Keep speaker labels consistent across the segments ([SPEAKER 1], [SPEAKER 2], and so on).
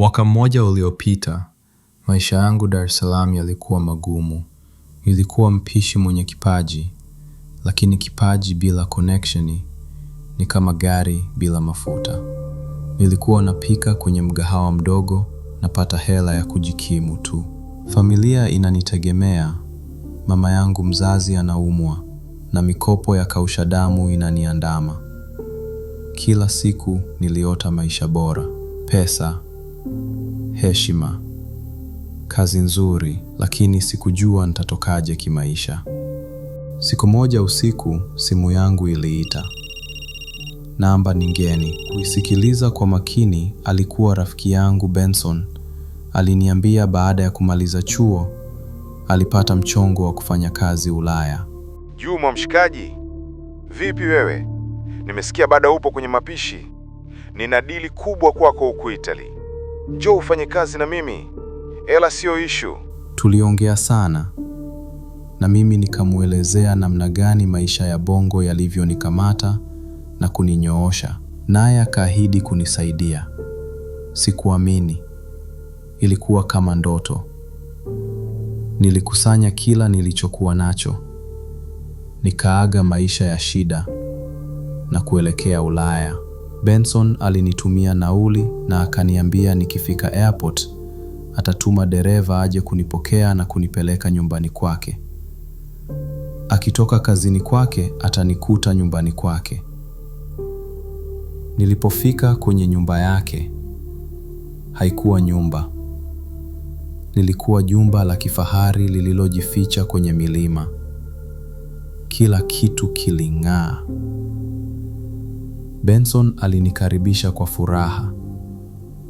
[SPEAKER 1] Mwaka mmoja uliopita, maisha yangu Dar es Salaam yalikuwa magumu. Nilikuwa mpishi mwenye kipaji, lakini kipaji bila connection ni kama gari bila mafuta. Nilikuwa napika kwenye mgahawa mdogo, napata hela ya kujikimu tu. Familia inanitegemea, mama yangu mzazi anaumwa na mikopo ya kausha damu inaniandama. Kila siku niliota maisha bora, pesa heshima, kazi nzuri, lakini sikujua nitatokaje kimaisha. Siku moja usiku, simu yangu iliita. Namba ni ngeni. Kuisikiliza kwa makini, alikuwa rafiki yangu Benson. Aliniambia baada ya kumaliza chuo alipata mchongo wa kufanya kazi Ulaya.
[SPEAKER 2] Juma mshikaji, vipi wewe? Nimesikia bado upo kwenye mapishi, nina dili kubwa kwako huku Itali. Njoo ufanye kazi na mimi, ela siyo ishu.
[SPEAKER 1] Tuliongea sana na mimi nikamwelezea namna gani maisha ya Bongo yalivyonikamata na kuninyoosha, naye akaahidi kunisaidia. Sikuamini, ilikuwa kama ndoto. Nilikusanya kila nilichokuwa nacho, nikaaga maisha ya shida na kuelekea Ulaya. Benson alinitumia nauli na akaniambia nikifika airport atatuma dereva aje kunipokea na kunipeleka nyumbani kwake. Akitoka kazini kwake atanikuta nyumbani kwake. Nilipofika kwenye nyumba yake, haikuwa nyumba. Lilikuwa jumba la kifahari lililojificha kwenye milima. Kila kitu kiling'aa. Benson alinikaribisha kwa furaha.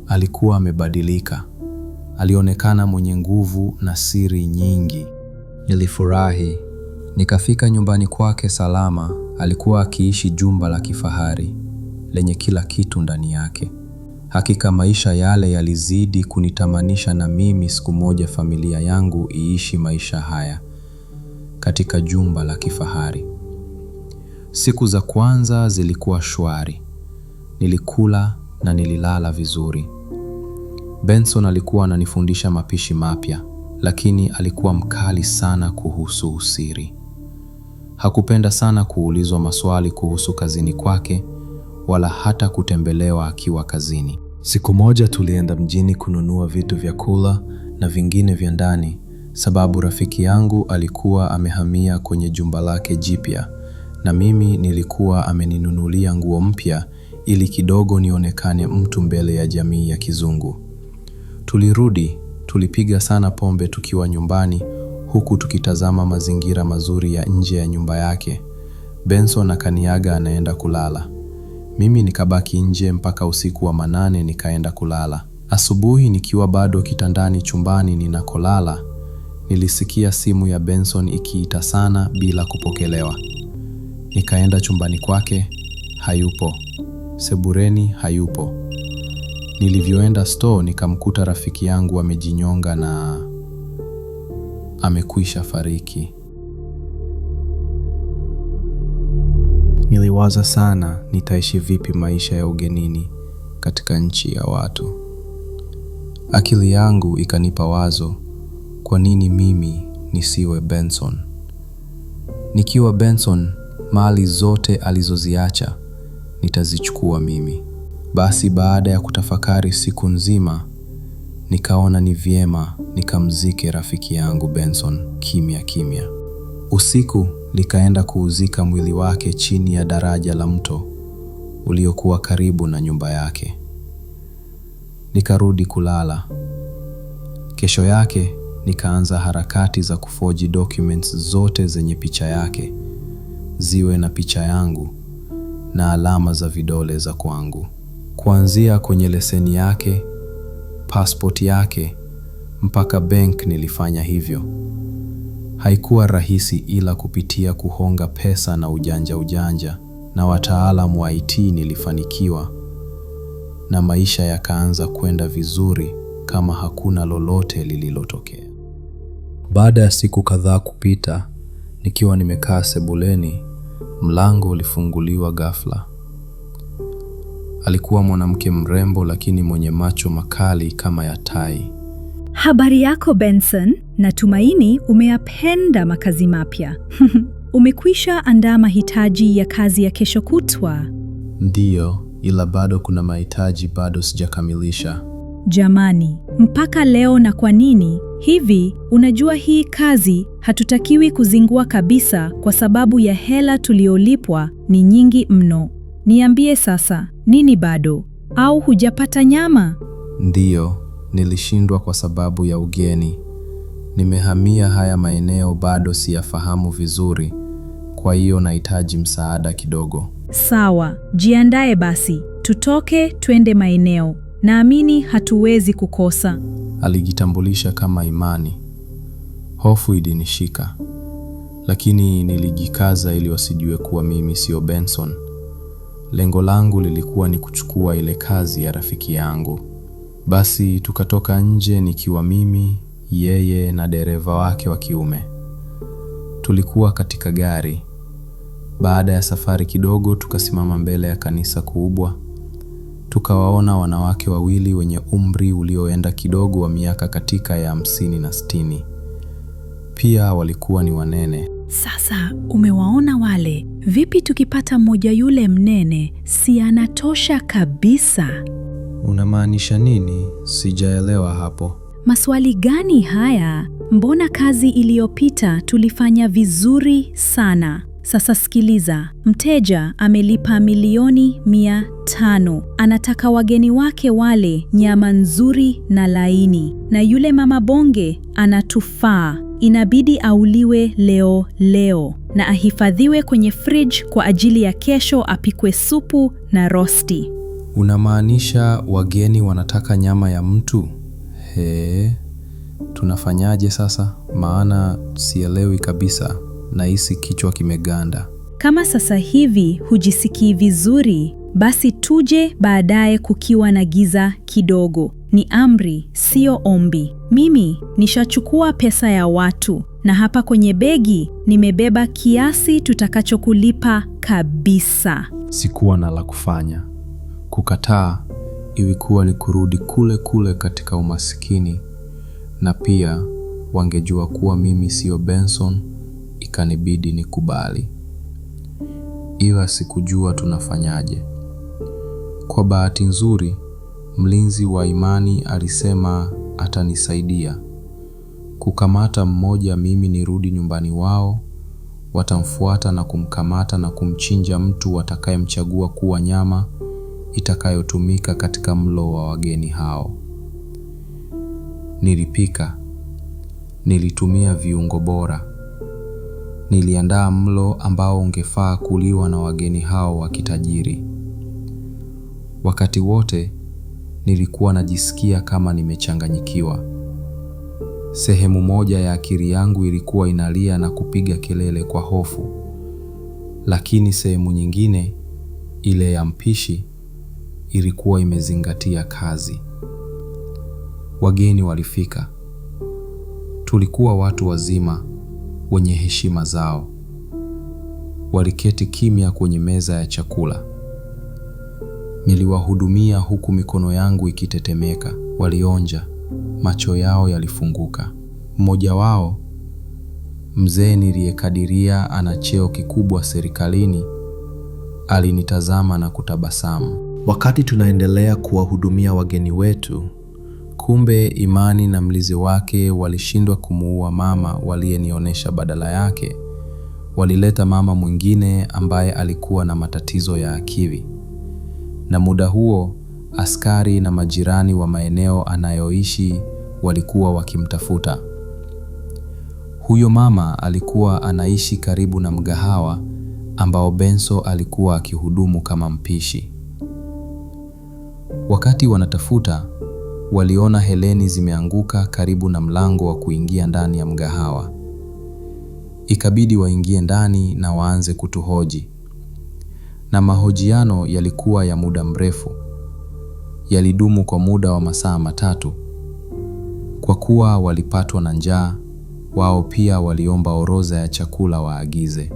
[SPEAKER 1] Alikuwa amebadilika. Alionekana mwenye nguvu na siri nyingi. Nilifurahi. Nikafika nyumbani kwake salama. Alikuwa akiishi jumba la kifahari lenye kila kitu ndani yake. Hakika maisha yale yalizidi kunitamanisha na mimi siku moja familia yangu iishi maisha haya katika jumba la kifahari. Siku za kwanza zilikuwa shwari. Nilikula na nililala vizuri. Benson alikuwa ananifundisha mapishi mapya, lakini alikuwa mkali sana kuhusu usiri. Hakupenda sana kuulizwa maswali kuhusu kazini kwake wala hata kutembelewa akiwa kazini. Siku moja tulienda mjini kununua vitu vya kula na vingine vya ndani, sababu rafiki yangu alikuwa amehamia kwenye jumba lake jipya na mimi nilikuwa ameninunulia nguo mpya ili kidogo nionekane mtu mbele ya jamii ya kizungu. Tulirudi, tulipiga sana pombe tukiwa nyumbani huku tukitazama mazingira mazuri ya nje ya nyumba yake. Benson akaniaga anaenda kulala. Mimi nikabaki nje mpaka usiku wa manane nikaenda kulala. Asubuhi nikiwa bado kitandani chumbani ninakolala, nilisikia simu ya Benson ikiita sana bila kupokelewa. Nikaenda chumbani kwake, hayupo. Sebureni, hayupo. Nilivyoenda store nikamkuta rafiki yangu amejinyonga na amekwisha fariki. Niliwaza sana nitaishi vipi maisha ya ugenini katika nchi ya watu. Akili yangu ikanipa wazo, kwa nini mimi nisiwe Benson? Nikiwa Benson mali zote alizoziacha nitazichukua mimi. Basi baada ya kutafakari siku nzima, nikaona ni vyema nikamzike rafiki yangu Benson kimya kimya. Usiku likaenda kuuzika mwili wake chini ya daraja la mto uliokuwa karibu na nyumba yake. Nikarudi kulala. Kesho yake nikaanza harakati za kufoji documents zote zenye picha yake ziwe na picha yangu na alama za vidole za kwangu, kuanzia kwenye leseni yake, pasipoti yake mpaka bank. Nilifanya hivyo. Haikuwa rahisi, ila kupitia kuhonga pesa na ujanja ujanja na wataalamu wa IT nilifanikiwa, na maisha yakaanza kwenda vizuri kama hakuna lolote lililotokea. Baada ya siku kadhaa kupita, nikiwa nimekaa sebuleni Mlango ulifunguliwa ghafla. Alikuwa mwanamke mrembo lakini mwenye macho makali kama ya tai.
[SPEAKER 3] Habari yako Benson, natumaini umeyapenda makazi mapya. Umekwisha andaa mahitaji ya kazi ya kesho kutwa?
[SPEAKER 1] Ndiyo, ila bado kuna mahitaji bado sijakamilisha.
[SPEAKER 3] Jamani, mpaka leo na kwa nini? Hivi unajua hii kazi hatutakiwi kuzingua kabisa kwa sababu ya hela tuliolipwa ni nyingi mno. Niambie sasa, nini bado? Au hujapata nyama?
[SPEAKER 1] Ndiyo, nilishindwa kwa sababu ya ugeni. Nimehamia haya maeneo bado siyafahamu vizuri. Kwa hiyo nahitaji msaada kidogo.
[SPEAKER 3] Sawa, jiandae basi. Tutoke twende maeneo. Naamini hatuwezi kukosa
[SPEAKER 1] alijitambulisha kama Imani. Hofu ilinishika, lakini nilijikaza ili wasijue kuwa mimi sio Benson. Lengo langu lilikuwa ni kuchukua ile kazi ya rafiki yangu. Basi tukatoka nje nikiwa mimi, yeye na dereva wake wa kiume. Tulikuwa katika gari. Baada ya safari kidogo, tukasimama mbele ya kanisa kubwa tukawaona wanawake wawili wenye umri ulioenda kidogo wa miaka katika ya hamsini na sitini. Pia walikuwa ni wanene.
[SPEAKER 3] Sasa umewaona wale, vipi tukipata mmoja yule mnene, si anatosha kabisa?
[SPEAKER 1] Unamaanisha nini? Sijaelewa hapo.
[SPEAKER 3] Maswali gani haya? Mbona kazi iliyopita tulifanya vizuri sana? Sasa sikiliza, mteja amelipa milioni mia tano. Anataka wageni wake wale nyama nzuri na laini, na yule mama bonge anatufaa. Inabidi auliwe leo leo na ahifadhiwe kwenye fridge kwa ajili ya kesho, apikwe supu na rosti.
[SPEAKER 1] Unamaanisha wageni wanataka nyama ya mtu? He, tunafanyaje sasa? Maana sielewi kabisa nahisi kichwa kimeganda.
[SPEAKER 3] Kama sasa hivi hujisikii vizuri, basi tuje baadaye kukiwa na giza kidogo. Ni amri, siyo ombi. Mimi nishachukua pesa ya watu na hapa kwenye begi nimebeba kiasi tutakachokulipa kabisa.
[SPEAKER 1] Sikuwa na la kufanya. Kukataa ilikuwa ni kurudi kule kule katika umasikini, na pia wangejua kuwa mimi siyo Benson ikanibidi nikubali, ila sikujua tunafanyaje. Kwa bahati nzuri, mlinzi wa imani alisema atanisaidia kukamata mmoja, mimi nirudi nyumbani wao, watamfuata na kumkamata na kumchinja mtu watakayemchagua kuwa nyama itakayotumika katika mlo wa wageni hao. Nilipika, nilitumia viungo bora, niliandaa mlo ambao ungefaa kuliwa na wageni hao wa kitajiri. Wakati wote nilikuwa najisikia kama nimechanganyikiwa. Sehemu moja ya akili yangu ilikuwa inalia na kupiga kelele kwa hofu, lakini sehemu nyingine, ile ya mpishi, ilikuwa imezingatia kazi. Wageni walifika. Tulikuwa watu wazima wenye heshima zao. Waliketi kimya kwenye meza ya chakula. Niliwahudumia huku mikono yangu ikitetemeka. Walionja, macho yao yalifunguka. Mmoja wao, mzee niliyekadiria ana cheo kikubwa serikalini, alinitazama na kutabasamu. Wakati tunaendelea kuwahudumia wageni wetu, Kumbe Imani na mlizi wake walishindwa kumuua mama waliyenionyesha, badala yake walileta mama mwingine ambaye alikuwa na matatizo ya akili. Na muda huo askari na majirani wa maeneo anayoishi walikuwa wakimtafuta. Huyo mama alikuwa anaishi karibu na mgahawa ambao Benso alikuwa akihudumu kama mpishi. Wakati wanatafuta waliona heleni zimeanguka karibu na mlango wa kuingia ndani ya mgahawa. Ikabidi waingie ndani na waanze kutuhoji, na mahojiano yalikuwa ya muda mrefu, yalidumu kwa muda wa masaa matatu. Kwa kuwa walipatwa na njaa, wao pia waliomba orodha ya chakula waagize.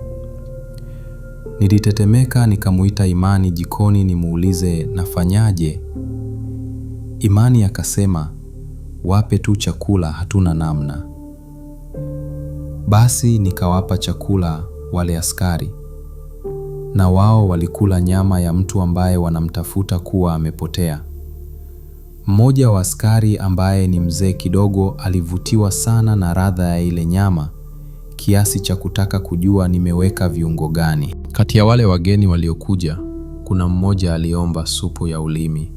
[SPEAKER 1] Nilitetemeka, nikamuita Imani jikoni nimuulize nafanyaje Imani akasema, wape tu chakula, hatuna namna. Basi nikawapa chakula wale askari, na wao walikula nyama ya mtu ambaye wanamtafuta kuwa amepotea. Mmoja wa askari ambaye ni mzee kidogo alivutiwa sana na ladha ya ile nyama kiasi cha kutaka kujua nimeweka viungo gani. Kati ya wale wageni waliokuja, kuna mmoja aliomba supu ya ulimi.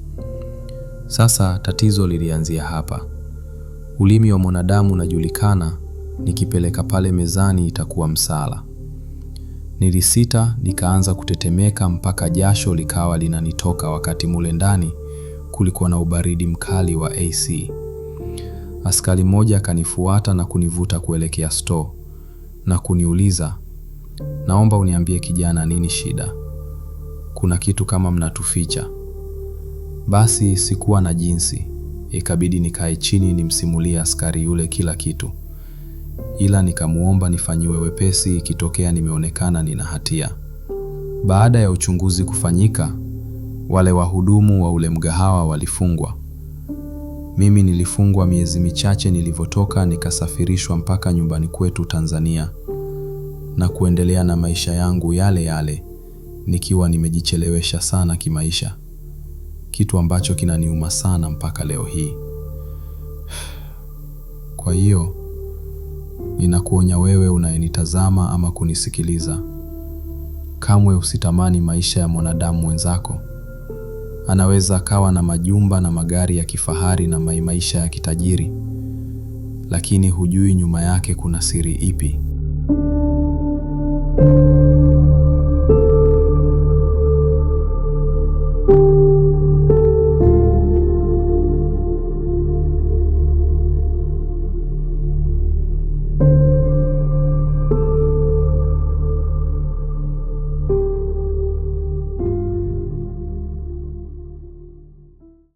[SPEAKER 1] Sasa tatizo lilianzia hapa. Ulimi wa mwanadamu unajulikana, nikipeleka pale mezani itakuwa msala. Nilisita, nikaanza kutetemeka mpaka jasho likawa linanitoka, wakati mule ndani kulikuwa na ubaridi mkali wa AC. Askari mmoja akanifuata na kunivuta kuelekea store na kuniuliza, naomba uniambie kijana, nini shida? Kuna kitu kama mnatuficha? Basi sikuwa na jinsi, ikabidi nikae chini nimsimulie askari yule kila kitu, ila nikamwomba nifanyiwe wepesi ikitokea nimeonekana nina hatia. Baada ya uchunguzi kufanyika, wale wahudumu wa ule mgahawa walifungwa. Mimi nilifungwa miezi michache nilivyotoka, nikasafirishwa mpaka nyumbani kwetu Tanzania na kuendelea na maisha yangu yale yale, nikiwa nimejichelewesha sana kimaisha kitu ambacho kinaniuma sana mpaka leo hii. Kwa hiyo ninakuonya wewe unayenitazama ama kunisikiliza, kamwe usitamani maisha ya mwanadamu mwenzako. Anaweza akawa na majumba na magari ya kifahari na maisha ya kitajiri, lakini hujui nyuma yake kuna siri ipi.